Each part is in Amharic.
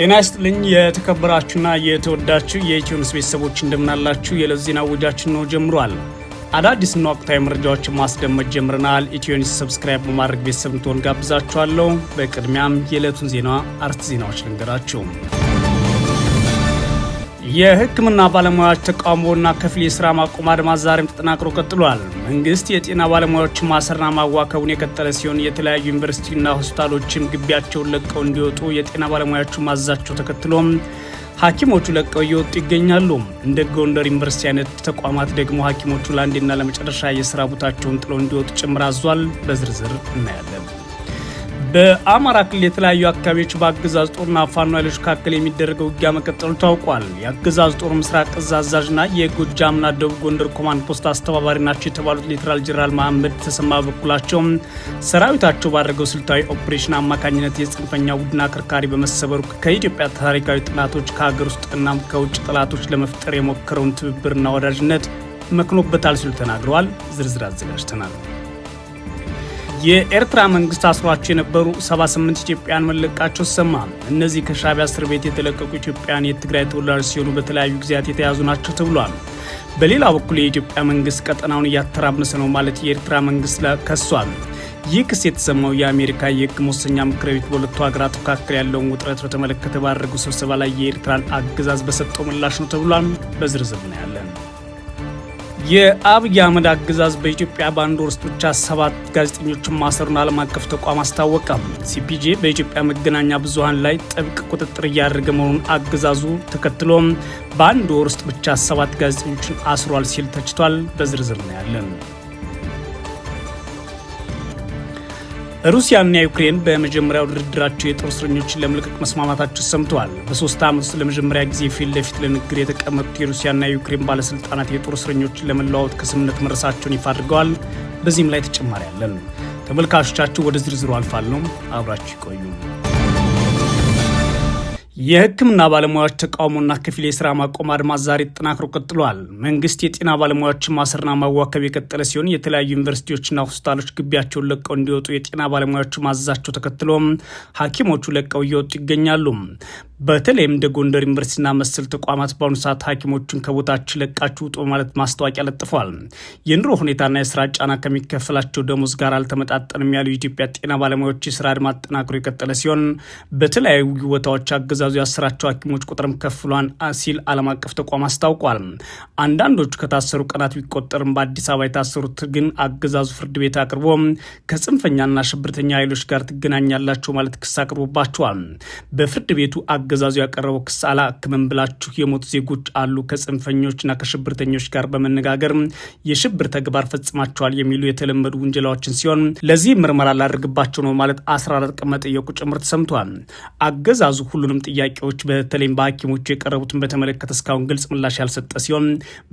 ጤና ይስጥልኝ የተከበራችሁና የተወዳችሁ የኢትዮንስ ቤተሰቦች እንደምናላችሁ። የዕለት ዜና ውጃችን ነው ጀምሯል። አዳዲስና ወቅታዊ መረጃዎችን ማስደመጥ ጀምረናል። ኢትዮንስ ሰብስክራይብ በማድረግ ቤተሰብ እንድትሆን ጋብዛችኋለሁ። በቅድሚያም የዕለቱን ዜና አርዕስተ ዜናዎች ልንገራችሁ። የህክምና ባለሙያዎች ተቃውሞና ከፊል የስራ ማቆም አድማ ዛሬም ተጠናክሮ ቀጥሏል። መንግስት የጤና ባለሙያዎችን ማሰርና ማዋከቡን የቀጠለ ሲሆን የተለያዩ ዩኒቨርሲቲና ሆስፒታሎችም ግቢያቸውን ለቀው እንዲወጡ የጤና ባለሙያዎቹ ማዛቸው ተከትሎም ሐኪሞቹ ለቀው እየወጡ ይገኛሉ። እንደ ጎንደር ዩኒቨርሲቲ አይነት ተቋማት ደግሞ ሐኪሞቹ ለአንዴና ለመጨረሻ የስራ ቦታቸውን ጥለው እንዲወጡ ጭምር አዟል። በዝርዝር እናያለን። በአማራ ክልል የተለያዩ አካባቢዎች በአገዛዝ ጦርና ፋኖ ኃይሎች መካከል የሚደረገው ውጊያ መቀጠሉ ታውቋል። የአገዛዝ ጦር ምስራቅ እዝ አዛዥና የጎጃምና ደቡብ ጎንደር ኮማንድ ፖስት አስተባባሪ ናቸው የተባሉት ሌተናል ጄኔራል መሐመድ ተሰማ በበኩላቸው ሰራዊታቸው ባደረገው ስልታዊ ኦፕሬሽን አማካኝነት የጽንፈኛ ቡድን አከርካሪ በመሰበሩ ከኢትዮጵያ ታሪካዊ ጥናቶች ከሀገር ውስጥና ከውጭ ጥላቶች ለመፍጠር የሞከረውን ትብብርና ወዳጅነት መክኖበታል ሲሉ ተናግረዋል። ዝርዝር አዘጋጅተናል። የኤርትራ መንግስት አስሯቸው የነበሩ 78 ኢትዮጵያን መለቃቸው ሰማ። እነዚህ ከሻቢያ እስር ቤት የተለቀቁ ኢትዮጵያን የትግራይ ተወላጆች ሲሆኑ በተለያዩ ጊዜያት የተያዙ ናቸው ተብሏል። በሌላ በኩል የኢትዮጵያ መንግስት ቀጠናውን እያተራመሰ ነው ማለት የኤርትራ መንግስት ከሷል። ይህ ክስ የተሰማው የአሜሪካ የህግ መወሰኛ ምክር ቤት በሁለቱ ሀገራት መካከል ያለውን ውጥረት በተመለከተ ባደረገው ስብሰባ ላይ የኤርትራን አገዛዝ በሰጠው ምላሽ ነው ተብሏል። በዝርዝር ነው የአብይ አህመድ አገዛዝ በኢትዮጵያ በአንድ ወር ውስጥ ብቻ ሰባት ጋዜጠኞችን ማሰሩን ዓለም አቀፍ ተቋም አስታወቀ። ሲፒጄ በኢትዮጵያ መገናኛ ብዙሀን ላይ ጥብቅ ቁጥጥር እያደረገ መሆኑን አገዛዙ ተከትሎም በአንድ ወር ውስጥ ብቻ ሰባት ጋዜጠኞችን አስሯል ሲል ተችቷል። በዝርዝር እናያለን ያለን። ሩሲያና ዩክሬን በመጀመሪያው ድርድራቸው የጦር እስረኞችን ለመልቀቅ መስማማታቸው ሰምተዋል። በሶስት ዓመት ውስጥ ለመጀመሪያ ጊዜ ፊት ለፊት ለንግግር የተቀመጡት የሩሲያና የዩክሬን ባለስልጣናት የጦር እስረኞችን ለመለዋወጥ ከስምምነት መድረሳቸውን ይፋ አድርገዋል። በዚህም ላይ ተጨማሪ አለን። ተመልካቾቻችሁ ወደ ዝርዝሩ አልፋለሁ። አብራችሁ ይቆዩ። የህክምና ባለሙያዎች ተቃውሞና ከፊል የስራ ማቆም አድማ ዛሬ ተጠናክሮ ቀጥሏል። መንግስት የጤና ባለሙያዎችን ማሰርና ማዋከብ የቀጠለ ሲሆን የተለያዩ ዩኒቨርሲቲዎችና ሆስፒታሎች ግቢያቸውን ለቀው እንዲወጡ የጤና ባለሙያዎች ማዘዛቸው ተከትሎም ሐኪሞቹ ለቀው እየወጡ ይገኛሉ። በተለይም እንደ ጎንደር ዩኒቨርሲቲና መሰል ተቋማት በአሁኑ ሰዓት ሐኪሞችን ከቦታችን ለቃችሁ ውጡ በማለት ማስታወቂያ ለጥፏል። የኑሮ ሁኔታና የስራ ጫና ከሚከፈላቸው ደሞዝ ጋር አልተመጣጠንም ያሉ የኢትዮጵያ ጤና ባለሙያዎች የስራ አድማ ተጠናክሮ የቀጠለ ሲሆን በተለያዩ ቦታዎች አገዛ አገዛዙ ያሰራቸው ሐኪሞች ቁጥርም ከፍሏን ሲል ዓለም አቀፍ ተቋም አስታውቋል። አንዳንዶቹ ከታሰሩ ቀናት ቢቆጠርም በአዲስ አበባ የታሰሩት ግን አገዛዙ ፍርድ ቤት አቅርቦ ከጽንፈኛና ሽብርተኛ ኃይሎች ጋር ትገናኛላቸው ማለት ክስ አቅርቦባቸዋል። በፍርድ ቤቱ አገዛዙ ያቀረበው ክስ አላክምም ብላችሁ የሞቱ ዜጎች አሉ ከጽንፈኞችና ከሽብርተኞች ጋር በመነጋገር የሽብር ተግባር ፈጽማቸዋል የሚሉ የተለመዱ ውንጀላዎችን ሲሆን ለዚህ ምርመራ ላደርግባቸው ነው ማለት 14 ቀን መጠየቁ ጭምር ተሰምቷል። አገዛዙ ሁሉንም ጥያቄዎች በተለይም በሐኪሞቹ የቀረቡትን በተመለከተ እስካሁን ግልጽ ምላሽ ያልሰጠ ሲሆን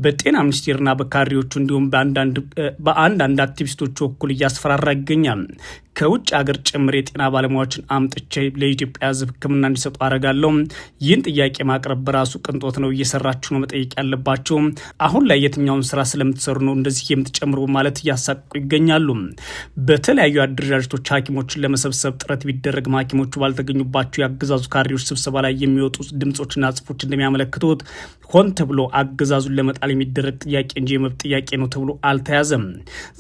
በጤና ሚኒስቴርና በካድሬዎቹ እንዲሁም በአንዳንድ አክቲቪስቶች በኩል እያስፈራራ ይገኛል። ከውጭ አገር ጭምር የጤና ባለሙያዎችን አምጥቼ ለኢትዮጵያ ሕዝብ ሕክምና እንዲሰጡ አደርጋለሁ። ይህን ጥያቄ ማቅረብ በራሱ ቅንጦት ነው። እየሰራችሁ ነው፣ መጠየቅ ያለባቸው አሁን ላይ የትኛውን ስራ ስለምትሰሩ ነው እንደዚህ የምትጨምሩ ማለት እያሳቁ ይገኛሉ። በተለያዩ አደረጃጀቶች ሐኪሞችን ለመሰብሰብ ጥረት ቢደረግም ሐኪሞቹ ባልተገኙባቸው የአገዛዙ ካድሬዎች ስብሰባ ስብሰባ ላይ የሚወጡ ድምፆችና ጽሁፎች እንደሚያመለክቱት ሆን ተብሎ አገዛዙን ለመጣል የሚደረግ ጥያቄ እንጂ የመብት ጥያቄ ነው ተብሎ አልተያዘም።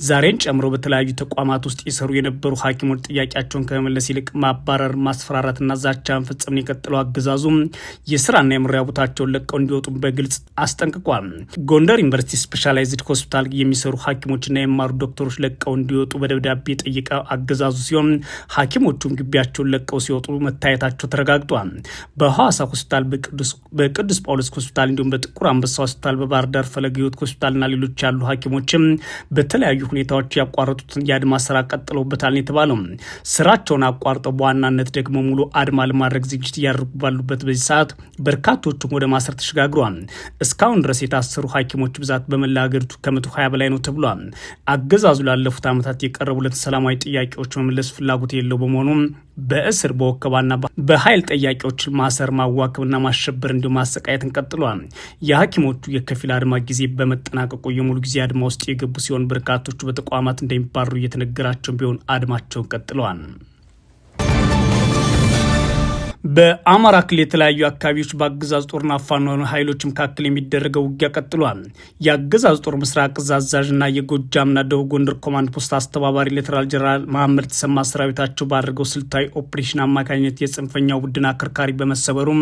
ዛሬን ጨምሮ በተለያዩ ተቋማት ውስጥ ይሰሩ የነበሩ ሐኪሞች ጥያቄያቸውን ከመመለስ ይልቅ ማባረር፣ ማስፈራራትና ዛቻ መፈጸምን የቀጥለው አገዛዙም የስራና የመኖሪያ ቦታቸውን ለቀው እንዲወጡ በግልጽ አስጠንቅቋል። ጎንደር ዩኒቨርሲቲ ስፔሻላይዝድ ሆስፒታል የሚሰሩ ሐኪሞችና የማሩ ዶክተሮች ለቀው እንዲወጡ በደብዳቤ ጠይቀ አገዛዙ ሲሆን ሐኪሞቹም ግቢያቸውን ለቀው ሲወጡ መታየታቸው ተረጋግጧል። በሐዋሳ ሆስፒታል፣ በቅዱስ ጳውሎስ ሆስፒታል እንዲሁም በጥቁር አንበሳ ሆስፒታል፣ በባህር ዳር ፈለገ ሕይወት ሆስፒታልና ሌሎች ያሉ ሐኪሞችም በተለያዩ ሁኔታዎች ያቋረጡትን የአድማ ስራ ቀጥለውበታል የተባለው ስራቸውን አቋርጠው በዋናነት ደግሞ ሙሉ አድማ ለማድረግ ዝግጅት እያደርጉ ባሉበት በዚህ ሰዓት በርካቶቹም ወደ ማሰር ተሸጋግሯል። እስካሁን ድረስ የታሰሩ ሐኪሞች ብዛት በመላ ሀገሪቱ ከመቶ ሀያ በላይ ነው ተብሏል። አገዛዙ ላለፉት ዓመታት የቀረቡለት ሰላማዊ ጥያቄዎች መመለስ ፍላጎት የለው በመሆኑ በእስር በወከባና በኃይል ጠያቂዎች ማሰር ማዋከብና ማሸበር እንዲሁም ማሰቃየትን ቀጥሏል። የሐኪሞቹ የከፊል አድማ ጊዜ በመጠናቀቁ የሙሉ ጊዜ አድማ ውስጥ የገቡ ሲሆን በርካቶቹ በተቋማት እንደሚባረሩ እየተነገራቸው ቢሆን አድማቸውን ቀጥለዋል። በአማራ ክልል የተለያዩ አካባቢዎች በአገዛዝ ጦርና ፋኖ ኃይሎች መካከል የሚደረገው ውጊያ ቀጥሏል። የአገዛዝ ጦር ምስራቅ እዝ አዛዥና የጎጃምና ደቡብ ጎንደር ኮማንድ ፖስት አስተባባሪ ሌተናል ጀነራል መሐመድ ተሰማ ሰራዊታቸው ባደረገው ስልታዊ ኦፕሬሽን አማካኝነት የጽንፈኛው ቡድን አከርካሪ በመሰበሩም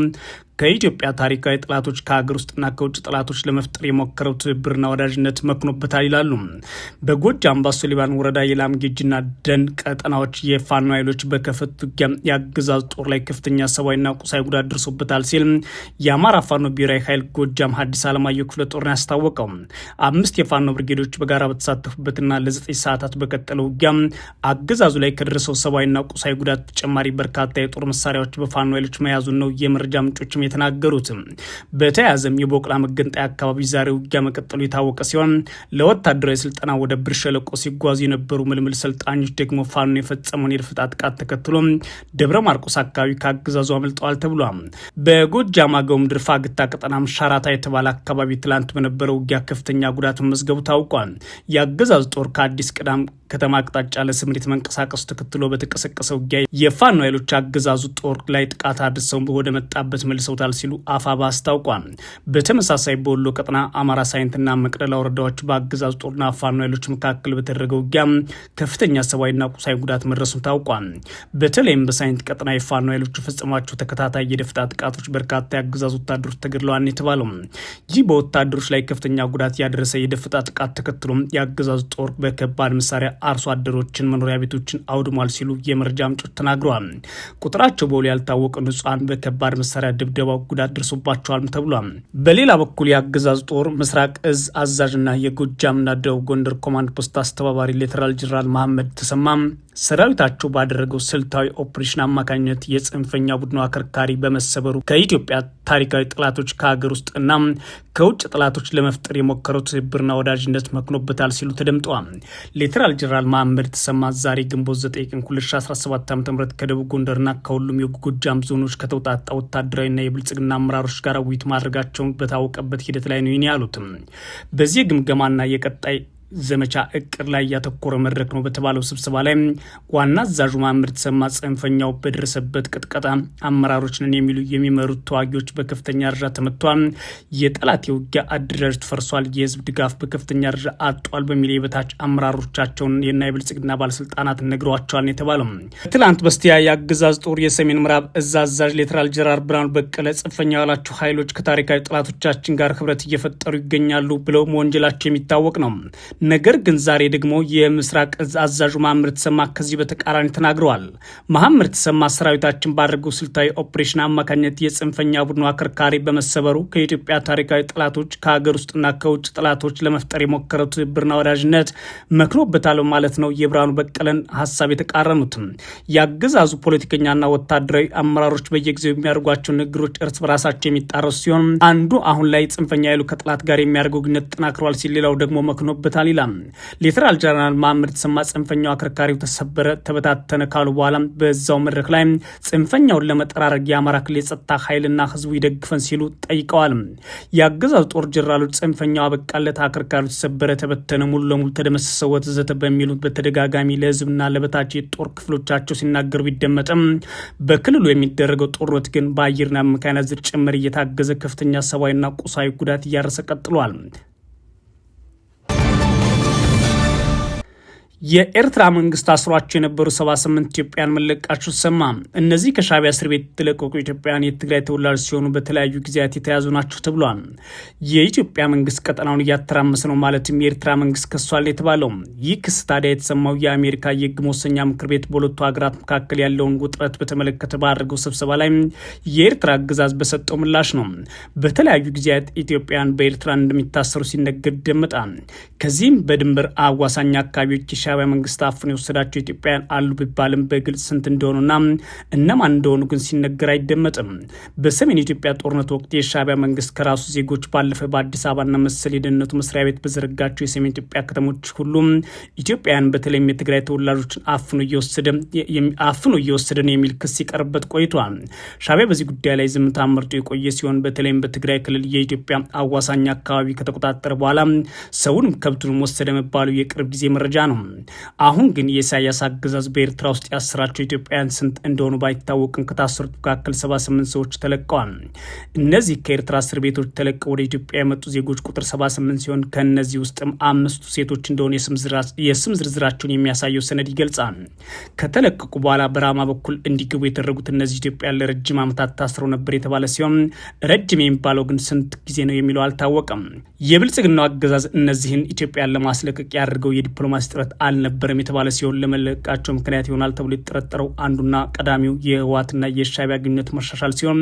ከኢትዮጵያ ታሪካዊ ጠላቶች ከሀገር ውስጥና ከውጭ ጠላቶች ለመፍጠር የሞከረው ትብብርና ወዳጅነት መክኖበታል ይላሉ። በጎጃም ባሶ ሊባን ወረዳ የላምጌጅና ደን ቀጠናዎች የፋኖ ኃይሎች በከፈቱት ውጊያ የአገዛዝ ጦር ላይ ከፍተኛ ሰብአዊና ቁሳዊ ጉዳት ደርሶበታል ሲል የአማራ ፋኖ ብሔራዊ ኃይል ጎጃም ሐዲስ ዓለማየሁ ክፍለ ጦር ያስታወቀው አምስት የፋኖ ብርጌዶች በጋራ በተሳተፉበትና ለዘጠኝ ሰዓታት በቀጠለው ውጊያ አገዛዙ ላይ ከደረሰው ሰብአዊና ቁሳዊ ጉዳት ተጨማሪ በርካታ የጦር መሳሪያዎች በፋኖ ኃይሎች መያዙን ነው የመረጃ ምንጮችም የተናገሩት። በተያያዘም የቦቅላ መገንጣይ አካባቢ ዛሬ ውጊያ መቀጠሉ የታወቀ ሲሆን ለወታደራዊ ስልጠና ወደ ብር ሸለቆ ሲጓዙ የነበሩ ምልምል ሰልጣኞች ደግሞ ፋኖ የፈጸመውን የድፍጣ ጥቃት ተከትሎ ደብረ ማርቆስ አካባቢ ከአገዛ ከመዘዙ አምልጠዋል ተብሏል። በጎጃም አገው ምድር ፋግታ ቀጠና ሻራታ የተባለ አካባቢ ትላንት በነበረው ውጊያ ከፍተኛ ጉዳት መዝገቡ ታውቋል። የአገዛዝ ጦር ከአዲስ ቅዳም ከተማ አቅጣጫ ለስምሪት መንቀሳቀሱ ተከትሎ በተቀሰቀሰ ውጊያ የፋኖ ኃይሎች አገዛዙ ጦር ላይ ጥቃት አድርሰው ወደ መጣበት መልሰውታል ሲሉ አፋባ አስታውቋል። በተመሳሳይ በወሎ ቀጠና አማራ ሳይንትና መቅደላ ወረዳዎች በአገዛዙ ጦርና ፋኖ ኃይሎች መካከል በተደረገ ውጊያ ከፍተኛ ሰብአዊና ቁሳዊ ጉዳት መድረሱን ታውቋል። በተለይም በሳይንት ቀጠና የፋኖ ኃይሎች የፈጸሟቸው ተከታታይ የደፍጣ ጥቃቶች በርካታ የአገዛዙ ወታደሮች ተገድለዋል የተባለው ይህ በወታደሮች ላይ ከፍተኛ ጉዳት ያደረሰ የደፍጣ ጥቃት ተከትሎም የአገዛዙ ጦር በከባድ መሳሪያ አርሶ አደሮችን መኖሪያ ቤቶችን አውድሟል ሲሉ የመረጃ ምንጮች ተናግረዋል። ቁጥራቸው በውል ያልታወቀ ንጹሐን በከባድ መሳሪያ ድብደባው ጉዳት ደርሶባቸዋል ተብሏል። በሌላ በኩል የአገዛዝ ጦር ምስራቅ እዝ አዛዥና የጎጃምና ደቡብ ጎንደር ኮማንድ ፖስት አስተባባሪ ሌተናል ጄኔራል መሐመድ ተሰማም ሰራዊታቸው ባደረገው ስልታዊ ኦፕሬሽን አማካኝነት የጽንፈኛ ቡድኑ አከርካሪ በመሰበሩ ከኢትዮጵያ ታሪካዊ ጠላቶች ከሀገር ውስጥ እና ከውጭ ጠላቶች ለመፍጠር የሞከረው ትብብርና ወዳጅነት መክኖበታል ሲሉ ተደምጠዋል። ሌተናል ጀነራል መሐመድ የተሰማ ዛሬ ግንቦት 9 ቀን 2017 ዓ ም ከደቡብ ጎንደርና ከሁሉም የጎጃም ዞኖች ከተውጣጣ ወታደራዊና የብልጽግና አመራሮች ጋር ውይይት ማድረጋቸውን በታወቀበት ሂደት ላይ ነው ያሉትም በዚህ ግምገማና የቀጣይ ዘመቻ እቅድ ላይ ያተኮረ መድረክ ነው በተባለው ስብሰባ ላይ ዋና አዛዡ ማምር ተሰማ ጽንፈኛው በደረሰበት ቅጥቀጣ አመራሮችን የሚሉ የሚመሩት ተዋጊዎች በከፍተኛ ደረጃ ተመቷል፣ የጠላት የውጊያ አደረጃጀት ፈርሷል፣ የህዝብ ድጋፍ በከፍተኛ ደረጃ አጧል በሚል የበታች አመራሮቻቸውን የና የብልጽግና ባለስልጣናት ነግሯቸዋል የተባለው ትላንት በስቲያ የአገዛዝ ጦር የሰሜን ምዕራብ እዝ አዛዥ ሌተናል ጀነራል ብርሃኑ በቀለ ጽንፈኛ ያላቸው ኃይሎች ከታሪካዊ ጠላቶቻችን ጋር ህብረት እየፈጠሩ ይገኛሉ ብለው መወንጀላቸው የሚታወቅ ነው። ነገር ግን ዛሬ ደግሞ የምስራቅ እዝ አዛዡ መሐመድ ተሰማ ከዚህ በተቃራኒ ተናግረዋል። መሐመድ ተሰማ ሰራዊታችን ባደረገው ስልታዊ ኦፕሬሽን አማካኝነት የጽንፈኛ ቡድኑ አከርካሪ በመሰበሩ ከኢትዮጵያ ታሪካዊ ጠላቶች ከሀገር ውስጥና ከውጭ ጠላቶች ለመፍጠር የሞከረው ትብብርና ወዳጅነት መክኖበታለው ማለት ነው። የብርሃኑ በቀለን ሀሳብ የተቃረኑት። የአገዛዙ ፖለቲከኛና ወታደራዊ አመራሮች በየጊዜው የሚያደርጓቸው ንግግሮች እርስ በራሳቸው የሚጣረሱ ሲሆን አንዱ አሁን ላይ ጽንፈኛ ያሉ ከጠላት ጋር የሚያደርገው ግንኙነት ጠናክሯል ሲል ሌላው ደግሞ መክኖበታል ይላል። ሌተናል ጀነራል መሐመድ ተሰማ ጽንፈኛው አከርካሪው ተሰበረ፣ ተበታተነ ካሉ በኋላ በዛው መድረክ ላይ ጽንፈኛውን ለመጠራረግ የአማራ ክልል የጸጥታ ኃይልና ህዝቡ ይደግፈን ሲሉ ጠይቀዋል። የአገዛዙ ጦር ጀነራሎች ጽንፈኛው አበቃለት፣ አከርካሪው ተሰበረ፣ ተበተነ፣ ሙሉ ለሙሉ ተደመሰሰ፣ ወዘተ በሚሉት በተደጋጋሚ ለህዝብና ለበታች የጦር ክፍሎቻቸው ሲናገሩ ቢደመጥም በክልሉ የሚደረገው ጦርነት ግን በአየርና መካናይዝድ ጭምር እየታገዘ ከፍተኛ ሰብአዊና ቁሳዊ ጉዳት እያረሰ ቀጥሏል። የኤርትራ መንግስት አስሯቸው የነበሩ 78 ኢትዮጵያን መለቃቸው ሰማ እነዚህ ከሻቢያ እስር ቤት የተለቀቁ ኢትዮጵያን የትግራይ ተወላጆች ሲሆኑ በተለያዩ ጊዜያት የተያዙ ናቸው ተብሏል። የኢትዮጵያ መንግስት ቀጠናውን እያተራመሰ ነው ማለትም የኤርትራ መንግስት ከሷል የተባለው ይህ ክስ ታዲያ የተሰማው የአሜሪካ የህግ መወሰኛ ምክር ቤት በሁለቱ ሀገራት መካከል ያለውን ውጥረት በተመለከተ ባደረገው ስብሰባ ላይ የኤርትራ አገዛዝ በሰጠው ምላሽ ነው። በተለያዩ ጊዜያት ኢትዮጵያን በኤርትራ እንደሚታሰሩ ሲነገር ይደመጣል። ከዚህም በድንበር አዋሳኝ አካባቢዎች የሻቢያ መንግስት አፍኖ የወሰዳቸው ኢትዮጵያውያን አሉ ቢባልም በግልጽ ስንት እንደሆኑና እነማን እንደሆኑ ግን ሲነገር አይደመጥም። በሰሜን ኢትዮጵያ ጦርነት ወቅት የሻቢያ መንግስት ከራሱ ዜጎች ባለፈ በአዲስ አበባና መሰል የደህንነቱ መስሪያ ቤት በዘረጋቸው የሰሜን ኢትዮጵያ ከተሞች ሁሉም ኢትዮጵያውያን በተለይም የትግራይ ተወላጆችን አፍኖ እየወሰደ ነው የሚል ክስ ሲቀርበት ቆይቷል። ሻቢያ በዚህ ጉዳይ ላይ ዝምታ መርጦ የቆየ ሲሆን በተለይም በትግራይ ክልል የኢትዮጵያ አዋሳኝ አካባቢ ከተቆጣጠረ በኋላ ሰውንም ከብቱንም ወሰደ መባሉ የቅርብ ጊዜ መረጃ ነው። አሁን ግን የኢሳያስ አገዛዝ በኤርትራ ውስጥ ያስራቸው ኢትዮጵያውያን ስንት እንደሆኑ ባይታወቅም ከታሰሩት መካከል 78 ሰዎች ተለቀዋል። እነዚህ ከኤርትራ እስር ቤቶች ተለቀው ወደ ኢትዮጵያ የመጡ ዜጎች ቁጥር 78 ሲሆን ከእነዚህ ውስጥም አምስቱ ሴቶች እንደሆኑ የስም ዝርዝራቸውን የሚያሳየው ሰነድ ይገልጻል። ከተለቀቁ በኋላ በራማ በኩል እንዲገቡ የተደረጉት እነዚህ ኢትዮጵያ ለረጅም ዓመታት ታስረው ነበር የተባለ ሲሆን ረጅም የሚባለው ግን ስንት ጊዜ ነው የሚለው አልታወቀም። የብልጽግናው አገዛዝ እነዚህን ኢትዮጵያን ለማስለቀቅ ያደርገው የዲፕሎማሲ ጥረት አ? አልነበረም የተባለ ሲሆን ለመለቃቸው ምክንያት ይሆናል ተብሎ የተጠረጠረው አንዱና ቀዳሚው የህወሓትና የሻዕቢያ ግንኙነት መሻሻል ሲሆን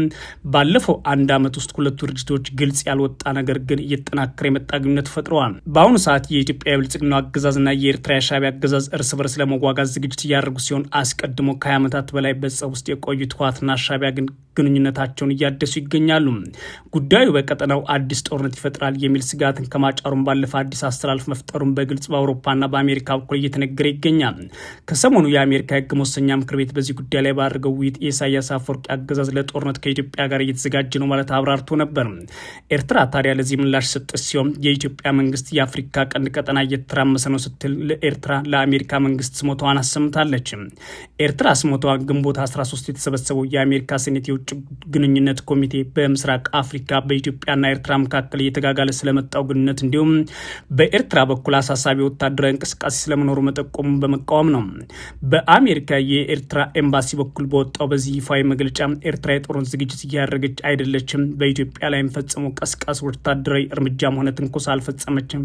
ባለፈው አንድ ዓመት ውስጥ ሁለቱ ድርጅቶች ግልጽ ያልወጣ ነገር ግን እየተጠናከረ የመጣ ግንኙነት ፈጥረዋል። በአሁኑ ሰዓት የኢትዮጵያ የብልጽግና አገዛዝና የኤርትራ የሻዕቢያ አገዛዝ እርስ በርስ ለመዋጋት ዝግጅት እያደረጉ ሲሆን አስቀድሞ ከ20 ዓመታት በላይ በጸብ ውስጥ የቆዩት ህወሓትና ሻዕቢያ ግን ግንኙነታቸውን እያደሱ ይገኛሉ። ጉዳዩ በቀጠናው አዲስ ጦርነት ይፈጥራል የሚል ስጋትን ከማጫሩም ባለፈ አዲስ አስተላልፍ መፍጠሩን በግልጽ በአውሮፓና በአሜሪካ በኩል እየተነገረ ይገኛል። ከሰሞኑ የአሜሪካ ህግ መወሰኛ ምክር ቤት በዚህ ጉዳይ ላይ ባደረገው ውይይት የኢሳያስ አፈወርቂ አገዛዝ ለጦርነት ከኢትዮጵያ ጋር እየተዘጋጀ ነው ማለት አብራርቶ ነበር። ኤርትራ ታዲያ ለዚህ ምላሽ ሰጥ ሲሆን የኢትዮጵያ መንግስት የአፍሪካ ቀንድ ቀጠና እየተተራመሰ ነው ስትል ለኤርትራ ለአሜሪካ መንግስት ስሞታዋን አሰምታለች። ኤርትራ ስሞተዋ ግንቦት 13 የተሰበሰበው የአሜሪካ ሴኔት የውጭ ግንኙነት ኮሚቴ በምስራቅ አፍሪካ በኢትዮጵያና ኤርትራ መካከል እየተጋጋለ ስለመጣው ግንኙነት እንዲሁም በኤርትራ በኩል አሳሳቢ ወታደራዊ እንቅስቃሴ ስለ አለመኖሩ መጠቆሙ በመቃወም ነው። በአሜሪካ የኤርትራ ኤምባሲ በኩል በወጣው በዚህ ይፋዊ መግለጫ ኤርትራ የጦርነት ዝግጅት እያደረገች አይደለችም፣ በኢትዮጵያ ላይ ፈጽሞ ቀስቃስ ወታደራዊ እርምጃም ሆነ ትንኮሳ አልፈጸመችም፣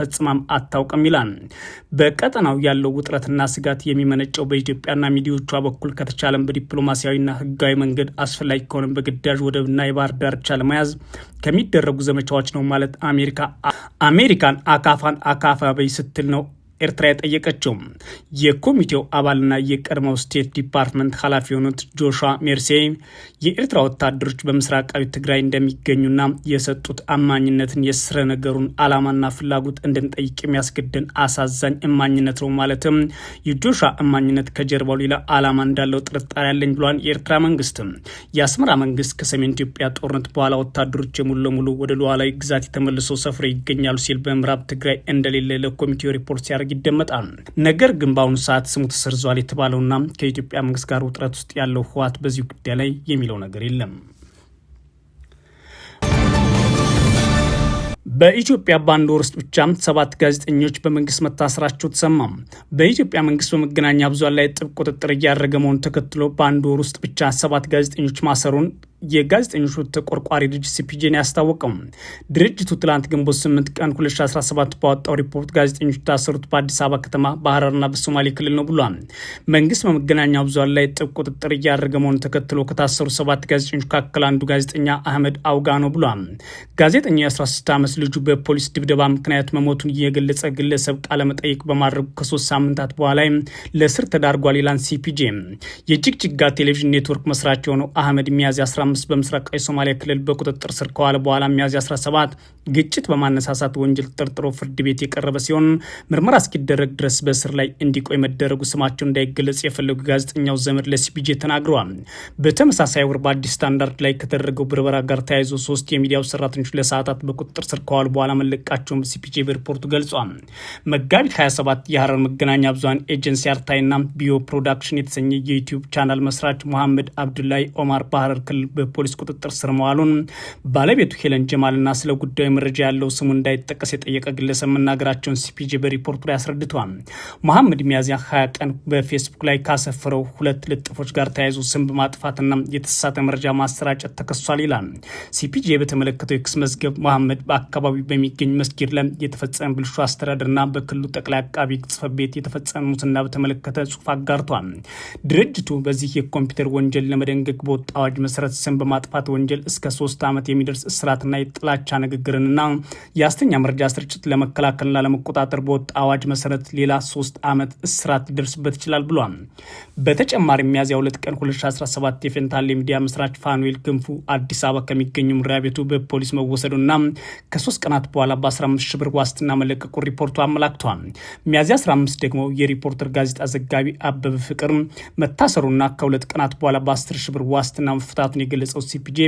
ፈጽማም አታውቅም ይላል። በቀጠናው ያለው ውጥረትና ስጋት የሚመነጨው በኢትዮጵያና ሚዲያዎቿ በኩል ከተቻለም በዲፕሎማሲያዊና ህጋዊ መንገድ አስፈላጊ ከሆነም በግዳጅ ወደብና የባህር ዳርቻ ለመያዝ ከሚደረጉ ዘመቻዎች ነው ማለት አሜሪካ አሜሪካን አካፋን አካፋ በይ ስትል ነው ኤርትራ የጠየቀችው። የኮሚቴው አባልና የቀድሞው ስቴት ዲፓርትመንት ኃላፊ የሆኑት ጆሹዋ ሜርሴ የኤርትራ ወታደሮች በምስራቃዊ ትግራይ እንደሚገኙና የሰጡት አማኝነትን የስረ ነገሩን አላማና ፍላጎት እንድንጠይቅ የሚያስገድን አሳዛኝ እማኝነት ነው። ማለትም የጆሹዋ እማኝነት ከጀርባው ሌላ አላማ እንዳለው ጥርጣሬ ያለኝ ብሏል። የኤርትራ መንግስት የአስመራ መንግስት ከሰሜን ኢትዮጵያ ጦርነት በኋላ ወታደሮች የሙሉ ለሙሉ ወደ ሉዓላዊ ግዛት የተመልሰው ሰፍረው ይገኛሉ ሲል በምዕራብ ትግራይ እንደሌለ ለኮሚቴው ሪፖርት ሲያደርግ ሲያደርግ ይደመጣል። ነገር ግን በአሁኑ ሰዓት ስሙ ተሰርዟል የተባለውና ከኢትዮጵያ መንግስት ጋር ውጥረት ውስጥ ያለው ህወሓት በዚሁ ጉዳይ ላይ የሚለው ነገር የለም። በኢትዮጵያ በአንድ ወር ውስጥ ብቻ ሰባት ጋዜጠኞች በመንግስት መታሰራቸው ተሰማ። በኢትዮጵያ መንግስት በመገናኛ ብዙኃን ላይ ጥብቅ ቁጥጥር እያደረገ መሆኑን ተከትሎ በአንድ ወር ውስጥ ብቻ ሰባት ጋዜጠኞች ማሰሩን የጋዜጠኞቹ ተቆርቋሪ ድርጅት ሲፒጄን ያስታወቀው ድርጅቱ ትላንት ግንቦት 8 ቀን 2017 ባወጣው ሪፖርት ጋዜጠኞች የታሰሩት በአዲስ አበባ ከተማ በሐረርና በሶማሌ ክልል ነው ብሏል። መንግስት በመገናኛ ብዙኃን ላይ ጥብቅ ቁጥጥር እያደረገ መሆኑን ተከትሎ ከታሰሩ ሰባት ጋዜጠኞች መካከል አንዱ ጋዜጠኛ አህመድ አውጋ ነው ብሏል። ጋዜጠኛው የ16 ዓመት ልጁ በፖሊስ ድብደባ ምክንያት መሞቱን እየገለጸ ግለሰብ ቃለመጠይቅ በማድረጉ ከሶስት ሳምንታት በኋላ ለእስር ተዳርጓል ይላል ሲፒጄ። የጅግጅጋ ቴሌቪዥን ኔትወርክ መስራች የሆነው አህመድ ሚያዝያ በምስራቅ በምስራቃዊ ሶማሊያ ክልል በቁጥጥር ስር ከዋለ በኋላ ሚያዝያ 17 ግጭት በማነሳሳት ወንጀል ተጠርጥሮ ፍርድ ቤት የቀረበ ሲሆን ምርመራ እስኪደረግ ድረስ በስር ላይ እንዲቆይ መደረጉ ስማቸው እንዳይገለጽ የፈለጉ ጋዜጠኛው ዘመድ ለሲፒጄ ተናግረዋል። በተመሳሳይ ወር በአዲስ ስታንዳርድ ላይ ከተደረገው ብርበራ ጋር ተያይዞ ሶስት የሚዲያው ሰራተኞች ለሰዓታት በቁጥጥር ስር ከዋሉ በኋላ መለቃቸውን ሲፒጄ በሪፖርቱ ገልጿል። መጋቢት 27 የሀረር መገናኛ ብዙሀን ኤጀንሲ አርታይና ቢዮ ፕሮዳክሽን የተሰኘ የዩቲዩብ ቻናል መስራች መሐመድ አብዱላይ ኦማር ባህረር ክልል በፖሊስ ቁጥጥር ስር መዋሉን ባለቤቱ ሄለን ጀማልና ስለ ጉዳዩ መረጃ ያለው ስሙ እንዳይጠቀስ የጠየቀ ግለሰብ መናገራቸውን ሲፒጄ በሪፖርቱ ላይ አስረድተዋል። መሐመድ ሚያዝያ 20 ቀን በፌስቡክ ላይ ካሰፈረው ሁለት ልጥፎች ጋር ተያይዞ ስም በማጥፋትና የተሳሳተ መረጃ ማሰራጨት ተከሷል ይላል ሲፒጄ። በተመለከተው የክስ መዝገብ መሐመድ በአካባቢው በሚገኝ መስጊድ ላይ የተፈጸመ ብልሹ አስተዳደርና በክልሉ ጠቅላይ አቃቢ ጽፈት ቤት የተፈጸመ ሙስና በተመለከተ ጽሑፍ አጋርቷል። ድርጅቱ በዚህ የኮምፒውተር ወንጀል ለመደንገግ በወጣ አዋጅ መሰረት ስም በማጥፋት ወንጀል እስከ ሶስት ዓመት የሚደርስ እስራትና የጥላቻ ንግግርንና የአስተኛ መረጃ ስርጭት ለመከላከልና ለመቆጣጠር በወጣ አዋጅ መሰረት ሌላ ሶስት ዓመት እስራት ሊደርስበት ይችላል ብሏል። በተጨማሪም ሚያዝያ ሁለት ቀን 2017 የፌንታል የሚዲያ መስራች ፋኑኤል ክንፉ አዲስ አበባ ከሚገኙ መኖሪያ ቤቱ በፖሊስ መወሰዱና ከሶስት ቀናት በኋላ በ15 ሺ ብር ዋስትና መለቀቁ ሪፖርቱ አመላክቷል። ሚያዝያ 15 ደግሞ የሪፖርተር ጋዜጣ ዘጋቢ አበበ ፍቅር መታሰሩና ከሁለት ቀናት በኋላ በ10 ሺ ብር ዋስትና መፈታቱን የገለጸው ሲፒጂ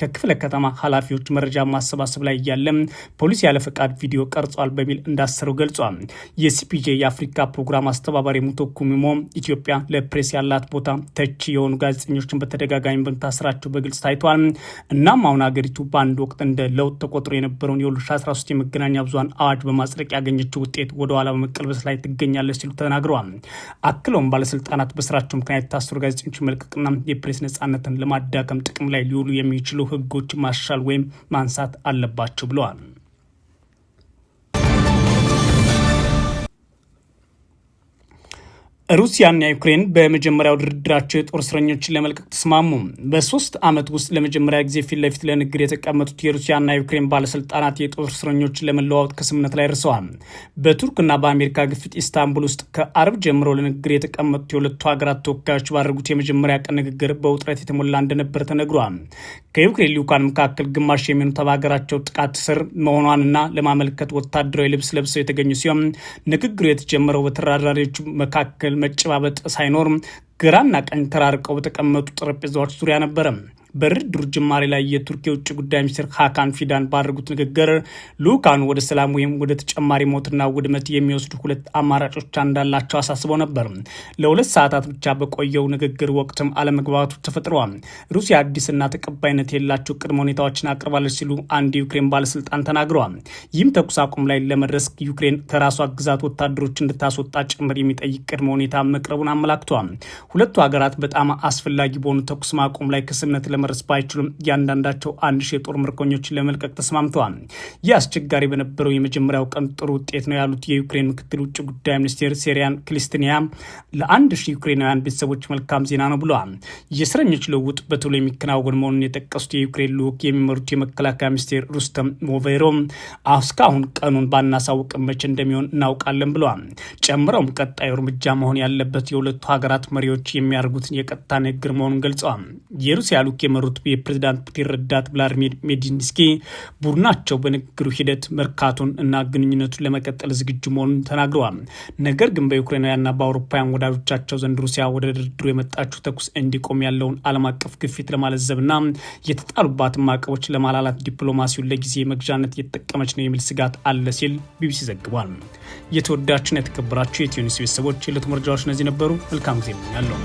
ከክፍለ ከተማ ኃላፊዎች መረጃ ማሰባሰብ ላይ እያለ ፖሊስ ያለ ፈቃድ ቪዲዮ ቀርጿል በሚል እንዳሰረው ገልጿል። የሲፒጄ የአፍሪካ ፕሮግራም አስተባባሪ ሙቶኩ ኢትዮጵያ ለፕሬስ ያላት ቦታ ተቺ የሆኑ ጋዜጠኞችን በተደጋጋሚ በምታስራቸው በግልጽ ታይቷል። እናም አሁን ሀገሪቱ በአንድ ወቅት እንደ ለውጥ ተቆጥሮ የነበረውን የ2013 የመገናኛ ብዙሃን አዋጅ በማጽደቅ ያገኘችው ውጤት ወደኋላ በመቀልበስ ላይ ትገኛለች ሲሉ ተናግረዋል። አክለውም ባለስልጣናት በስራቸው ምክንያት የታሰሩ ጋዜጠኞች መልቀቅና የፕሬስ ነጻነትን ለማዳቀም ጥቅ ጥቅም ላይ ሊውሉ የሚችሉ ህጎች ማሻል ወይም ማንሳት አለባቸው ብለዋል። ሩሲያና ዩክሬን በመጀመሪያው ድርድራቸው የጦር እስረኞችን ለመልቀቅ ተስማሙ። በሶስት ዓመት ውስጥ ለመጀመሪያ ጊዜ ፊት ለፊት ለንግግር የተቀመጡት የሩሲያና ዩክሬን ባለስልጣናት የጦር እስረኞችን ለመለዋወጥ ከስምነት ላይ ደርሰዋል። በቱርክና በአሜሪካ ግፊት ኢስታንቡል ውስጥ ከአርብ ጀምሮ ለንግግር የተቀመጡት የሁለቱ ሀገራት ተወካዮች ባደረጉት የመጀመሪያ ቀን ንግግር በውጥረት የተሞላ እንደነበር ተነግሯል። ከዩክሬን ልዑካን መካከል ግማሽ የሚሆኑት በሀገራቸው ጥቃት ስር መሆኗንና ለማመልከት ወታደራዊ ልብስ ለብሰው የተገኙ ሲሆን ንግግሩ የተጀመረው በተደራዳሪዎቹ መካከል መጨባበጥ ሳይኖር ግራና ቀኝ ተራርቀው በተቀመጡ ጠረጴዛዎች ዙሪያ ነበረ። በድርድሩ ጅማሬ ላይ የቱርክ የውጭ ጉዳይ ሚኒስትር ሀካን ፊዳን ባደረጉት ንግግር ልኡካኑ ወደ ሰላም ወይም ወደ ተጨማሪ ሞትና ውድመት የሚወስዱ ሁለት አማራጮች እንዳላቸው አሳስበው ነበር። ለሁለት ሰዓታት ብቻ በቆየው ንግግር ወቅትም አለመግባባቱ ተፈጥሯል። ሩሲያ አዲስና ተቀባይነት የሌላቸው ቅድመ ሁኔታዎችን አቅርባለች ሲሉ አንድ የዩክሬን ባለስልጣን ተናግረዋል። ይህም ተኩስ አቁም ላይ ለመድረስ ዩክሬን ከራሷ ግዛት ወታደሮች እንድታስወጣ ጭምር የሚጠይቅ ቅድመ ሁኔታ መቅረቡን አመላክቷል። ሁለቱ ሀገራት በጣም አስፈላጊ በሆኑ ተኩስ ማቆም ላይ ከስምነት መጨመርስ ባይችሉም እያንዳንዳቸው አንድ ሺህ የጦር ምርኮኞችን ለመልቀቅ ተስማምተዋል። ይህ አስቸጋሪ በነበረው የመጀመሪያው ቀን ጥሩ ውጤት ነው ያሉት የዩክሬን ምክትል ውጭ ጉዳይ ሚኒስቴር ሴሪያን ክሊስትኒያ ለአንድ ሺህ ዩክሬናውያን ቤተሰቦች መልካም ዜና ነው ብለዋል። የእስረኞች ልውውጥ በቶሎ የሚከናወን መሆኑን የጠቀሱት የዩክሬን ልዑክ የሚመሩት የመከላከያ ሚኒስቴር ሩስተም ሞቬሮ እስካሁን ቀኑን ባናሳውቅ መቼ እንደሚሆን እናውቃለን ብለዋል። ጨምረውም ቀጣዩ እርምጃ መሆን ያለበት የሁለቱ ሀገራት መሪዎች የሚያደርጉትን የቀጥታ ንግግር መሆኑን ገልጸዋል። የሩሲያ ልዑክ የመሩት የፕሬዚዳንት ፑቲን ረዳት ቭላድሚር ሜዲንስኪ ቡድናቸው በንግግሩ ሂደት መርካቱን እና ግንኙነቱን ለመቀጠል ዝግጁ መሆኑን ተናግረዋል። ነገር ግን በዩክሬናውያንና በአውሮፓውያን ወዳጆቻቸው ዘንድ ሩሲያ ወደ ድርድሩ የመጣችው ተኩስ እንዲቆም ያለውን ዓለም አቀፍ ግፊት ለማለዘብና የተጣሉባትን ማዕቀቦች ለማላላት ዲፕሎማሲውን ለጊዜ መግዣነት እየተጠቀመች ነው የሚል ስጋት አለ ሲል ቢቢሲ ዘግቧል። የተወዳችሁና የተከበራችሁ የኢትዮ ቤተሰቦች የዕለቱ መረጃዎች እነዚህ ነበሩ። መልካም ጊዜ ያለው